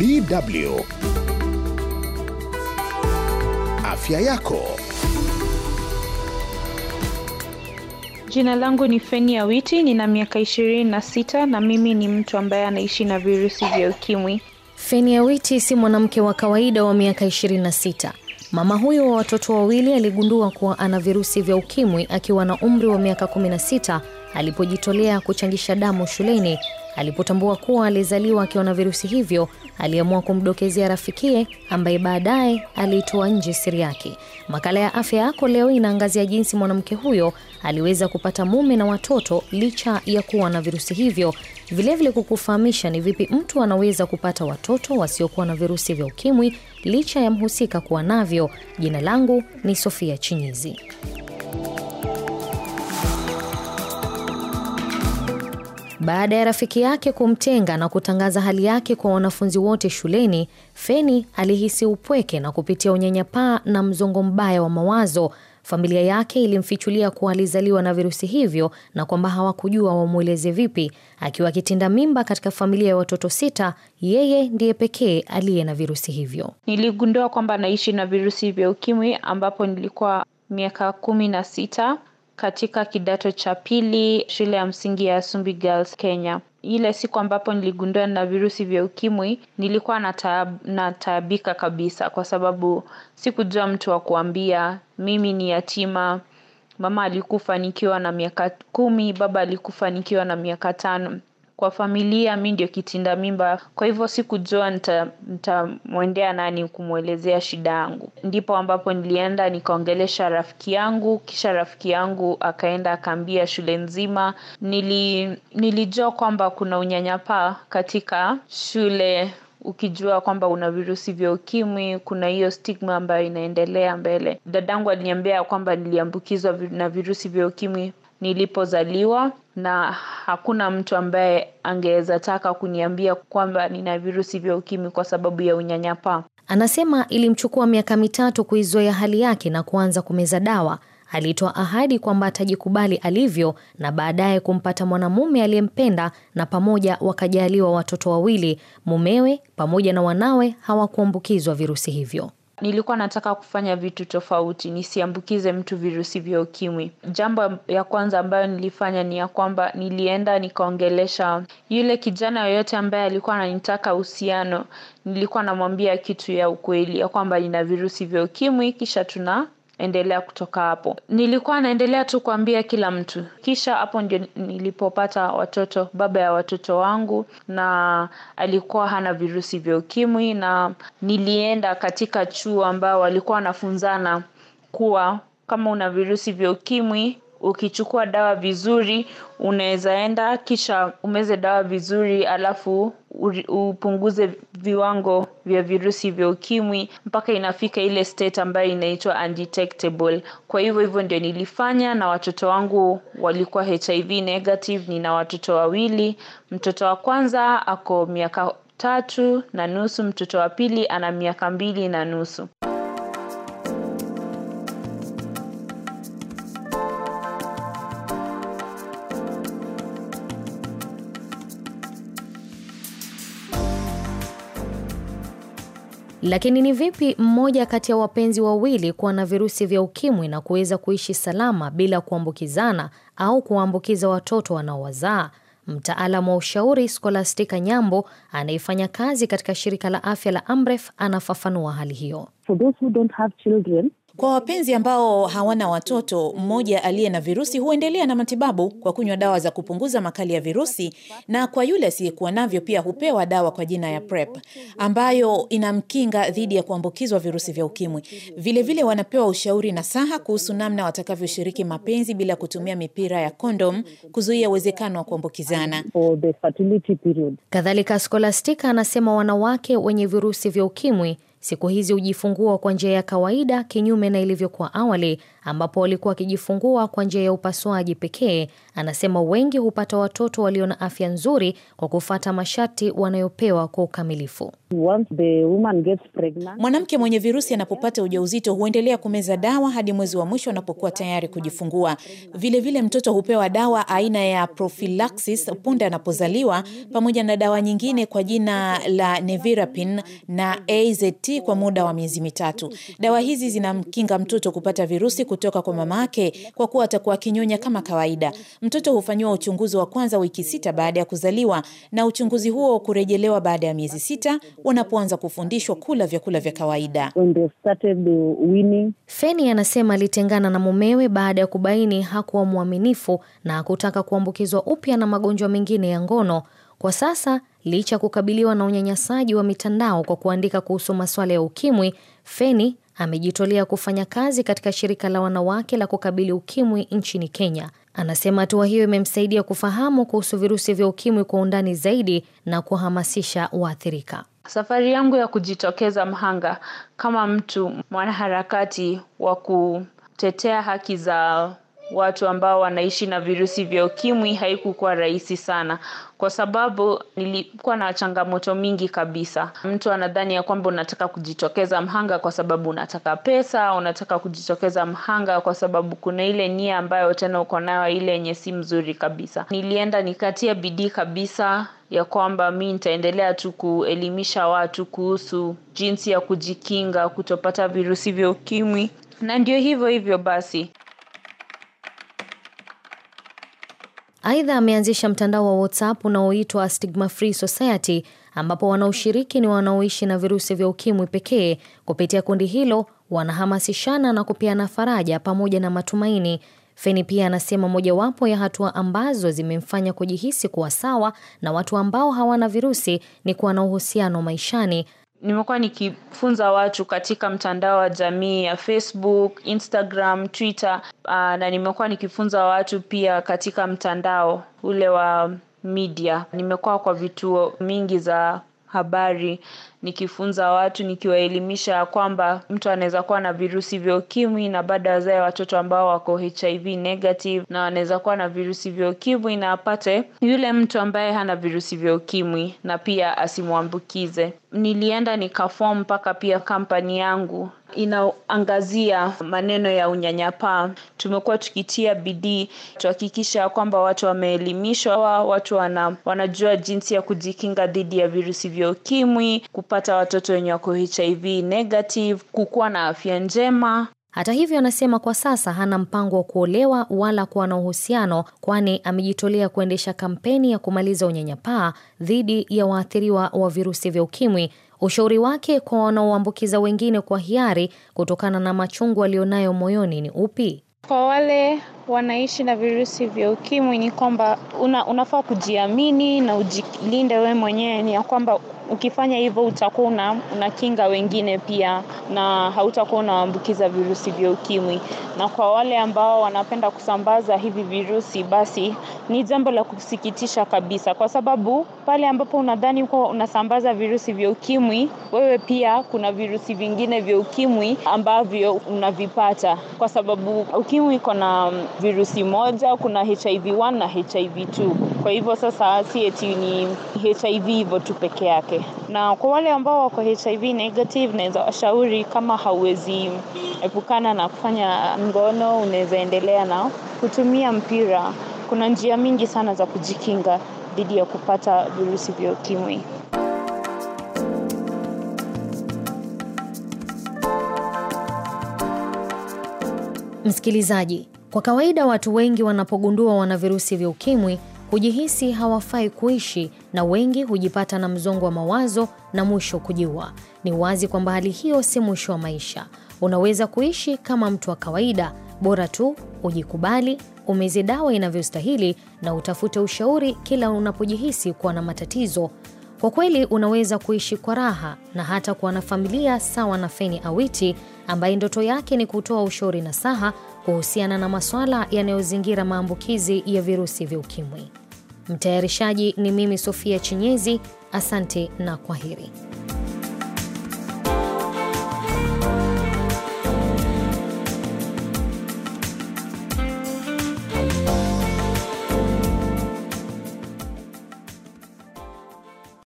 DW Afya yako. Jina langu ni Feni Awiti, nina miaka ishirini na sita na mimi ni mtu ambaye anaishi na virusi vya ukimwi. Feni Awiti si mwanamke wa kawaida wa miaka ishirini na sita. Mama huyo wa watoto wawili aligundua kuwa ana virusi vya ukimwi akiwa na umri wa miaka 16 alipojitolea kuchangisha damu shuleni Alipotambua kuwa alizaliwa akiwa na virusi hivyo, aliamua kumdokezea rafikie ambaye baadaye aliitoa nje siri yake. Makala ya afya yako leo inaangazia jinsi mwanamke huyo aliweza kupata mume na watoto licha ya kuwa na virusi hivyo, vilevile kukufahamisha ni vipi mtu anaweza kupata watoto wasiokuwa na virusi vya ukimwi licha ya mhusika kuwa navyo. Jina langu ni Sofia Chinyizi. Baada ya rafiki yake kumtenga na kutangaza hali yake kwa wanafunzi wote shuleni, Feni alihisi upweke na kupitia unyanyapaa na mzongo mbaya wa mawazo. Familia yake ilimfichulia kuwa alizaliwa na virusi hivyo na kwamba hawakujua wamweleze vipi. Akiwa akitinda mimba katika familia ya watoto sita, yeye ndiye pekee aliye na virusi hivyo. Niligundua kwamba naishi na virusi vya ukimwi ambapo nilikuwa miaka kumi na sita katika kidato cha pili shule ya msingi ya Sumbi Girls Kenya. Ile siku ambapo niligundua na virusi vya ukimwi nilikuwa nataabika kabisa, kwa sababu sikujua mtu wa kuambia. Mimi ni yatima, mama alikufa nikiwa na miaka kumi, baba alikufa nikiwa na miaka tano kwa familia mi ndio kitinda mimba kwa hivyo sikujua nitamwendea nani kumwelezea shida yangu ndipo ambapo nilienda nikaongelesha rafiki yangu kisha rafiki yangu akaenda akaambia shule nzima nili nilijua kwamba kuna unyanyapaa katika shule ukijua kwamba una virusi vya ukimwi kuna hiyo stigma ambayo inaendelea mbele dadangu aliniambia kwamba niliambukizwa na virusi vya ukimwi nilipozaliwa na hakuna mtu ambaye angeweza taka kuniambia kwamba nina virusi vya ukimwi kwa sababu ya unyanyapaa. Anasema ilimchukua miaka mitatu kuizoea hali yake na kuanza kumeza dawa. Alitoa ahadi kwamba atajikubali alivyo na baadaye kumpata mwanamume aliyempenda na pamoja wakajaliwa watoto wawili. Mumewe pamoja na wanawe hawakuambukizwa virusi hivyo. Nilikuwa nataka kufanya vitu tofauti nisiambukize mtu virusi vya ukimwi. Jambo ya kwanza ambayo nilifanya ni ya kwamba nilienda nikaongelesha yule kijana yoyote ambaye alikuwa ananitaka uhusiano. Nilikuwa namwambia kitu ya ukweli ya kwamba nina virusi vya ukimwi kisha tuna endelea kutoka hapo. Nilikuwa naendelea tu kuambia kila mtu. Kisha hapo ndio nilipopata watoto, baba ya watoto wangu, na alikuwa hana virusi vya ukimwi, na nilienda katika chuo ambao walikuwa wanafunzana kuwa kama una virusi vya ukimwi ukichukua dawa vizuri enda kisha umeze dawa vizuri alafu upunguze viwango vya virusi vya ukimwi mpaka inafika ile state ambayo inaitwa undetectable. Kwa hivyo hivyo ndio nilifanya na watoto wangu walikuwa HIV negative. Nina watoto wawili, mtoto wa kwanza ako miaka tatu na nusu, mtoto wa pili ana miaka mbili na nusu. Lakini ni vipi mmoja kati ya wapenzi wawili kuwa na virusi vya ukimwi na kuweza kuishi salama bila kuambukizana au kuwaambukiza watoto wanaowazaa? Mtaalamu wa ushauri Scholastica Nyambo anayefanya kazi katika shirika la afya la Amref anafafanua hali hiyo. For those who don't have children, kwa wapenzi ambao hawana watoto, mmoja aliye na virusi huendelea na matibabu kwa kunywa dawa za kupunguza makali ya virusi, na kwa yule asiyekuwa navyo pia hupewa dawa kwa jina ya PrEP ambayo inamkinga dhidi ya kuambukizwa virusi vya ukimwi. Vilevile wanapewa ushauri na saha kuhusu namna watakavyoshiriki mapenzi bila kutumia mipira ya kondom kuzuia uwezekano wa kuambukizana. Kadhalika, scolastika anasema wanawake wenye virusi vya ukimwi siku hizi hujifungua kwa njia ya kawaida kinyume na ilivyokuwa awali ambapo walikuwa wakijifungua kwa njia ya upasuaji pekee. Anasema wengi hupata watoto walio na afya nzuri kwa kufata masharti wanayopewa kwa ukamilifu. Mwanamke mwenye virusi anapopata ujauzito huendelea kumeza dawa hadi mwezi wa mwisho anapokuwa tayari kujifungua. Vilevile vile mtoto hupewa dawa aina ya prophylaxis punde anapozaliwa pamoja na dawa nyingine kwa jina la nevirapine na AZT kwa muda wa miezi mitatu. Dawa hizi zinamkinga mtoto kupata virusi kutoka kwa mama yake kwa kuwa atakuwa akinyonya kama kawaida. Mtoto hufanyiwa uchunguzi wa kwanza wiki sita baada ya kuzaliwa na uchunguzi huo kurejelewa baada ya miezi sita wanapoanza kufundishwa kula vyakula vya kawaida. Feni anasema alitengana na mumewe baada ya kubaini hakuwa mwaminifu na kutaka kuambukizwa upya na magonjwa mengine ya ngono. Kwa sasa licha ya kukabiliwa na unyanyasaji wa mitandao kwa kuandika kuhusu masuala ya ukimwi, Feni amejitolea kufanya kazi katika shirika la wanawake la kukabili ukimwi nchini Kenya. Anasema hatua hiyo imemsaidia kufahamu kuhusu virusi vya ukimwi kwa undani zaidi na kuhamasisha waathirika. Safari yangu ya kujitokeza mhanga kama mtu mwanaharakati wa kutetea haki za watu ambao wanaishi na virusi vya ukimwi haikukuwa rahisi sana kwa sababu nilikuwa na changamoto mingi kabisa. Mtu anadhani ya kwamba unataka kujitokeza mhanga kwa sababu unataka pesa, unataka kujitokeza mhanga kwa sababu kuna ile nia ambayo tena uko nayo ile yenye si mzuri kabisa. Nilienda nikatia bidii kabisa ya kwamba mi nitaendelea tu kuelimisha watu kuhusu jinsi ya kujikinga kutopata virusi vya ukimwi na ndio hivyo hivyo basi. Aidha, ameanzisha mtandao wa WhatsApp unaoitwa Stigma Free Society ambapo wanaoshiriki ni wanaoishi na virusi vya ukimwi pekee. Kupitia kundi hilo, wanahamasishana na kupeana faraja pamoja na matumaini. Feni pia anasema mojawapo ya hatua ambazo zimemfanya kujihisi kuwa sawa na watu ambao hawana virusi ni kuwa na uhusiano maishani nimekuwa nikifunza watu katika mtandao wa jamii ya Facebook, Instagram, Twitter uh, na nimekuwa nikifunza watu pia katika mtandao ule wa media. Nimekuwa kwa vituo mingi za habari nikifunza watu nikiwaelimisha ya kwamba mtu anaweza kuwa na virusi vya ukimwi na baada wazae watoto ambao wako HIV negative na anaweza kuwa na virusi vya ukimwi na apate yule mtu ambaye hana virusi vya ukimwi na pia asimwambukize. Nilienda nikafom mpaka pia kampani yangu inaangazia maneno ya unyanyapaa. Tumekuwa tukitia bidii tuhakikisha kwamba watu wameelimishwa, watu wana, wanajua jinsi ya kujikinga dhidi ya virusi vya ukimwi, kupata watoto wenye wako HIV negative, kukuwa na afya njema. Hata hivyo, anasema kwa sasa hana mpango wa kuolewa wala kuwa na uhusiano, kwani amejitolea kuendesha kampeni ya kumaliza unyanyapaa dhidi ya waathiriwa wa virusi vya ukimwi. Ushauri wake kwa wanaoambukiza wengine kwa hiari kutokana na machungu aliyonayo moyoni ni upi? Kwa wale wanaishi na virusi vya ukimwi ni kwamba una, unafaa kujiamini na ujilinde wewe mwenyewe, ni ya kwamba Ukifanya hivyo utakuwa una, unakinga wengine pia na hautakuwa unaambukiza virusi vya ukimwi. Na kwa wale ambao wanapenda kusambaza hivi virusi basi ni jambo la kusikitisha kabisa kwa sababu pale ambapo unadhani kuwa unasambaza virusi vya ukimwi, wewe pia kuna virusi vingine vya ukimwi ambavyo unavipata kwa sababu ukimwi iko na virusi moja, kuna HIV 1 na HIV 2. Kwa hivyo sasa si eti ni HIV hivyo tu peke yake. Na kwa wale ambao wako HIV negative, naweza washauri kama hauwezi epukana na kufanya ngono, unaweza endelea na kutumia mpira. Kuna njia mingi sana za kujikinga dhidi ya kupata virusi vya ukimwi. Msikilizaji, kwa kawaida watu wengi wanapogundua wana virusi vya ukimwi hujihisi hawafai kuishi na wengi hujipata na mzongo wa mawazo na mwisho kujiua. Ni wazi kwamba hali hiyo si mwisho wa maisha. Unaweza kuishi kama mtu wa kawaida, bora tu ujikubali, umeze dawa inavyostahili na utafute ushauri kila unapojihisi kuwa na matatizo. Kwa kweli unaweza kuishi kwa raha na hata kuwa na familia sawa na Feni Awiti ambaye ndoto yake ni kutoa ushauri na saha kuhusiana na masuala yanayozingira maambukizi ya virusi vya ukimwi. Mtayarishaji ni mimi Sofia Chinyezi. Asante na kwaheri.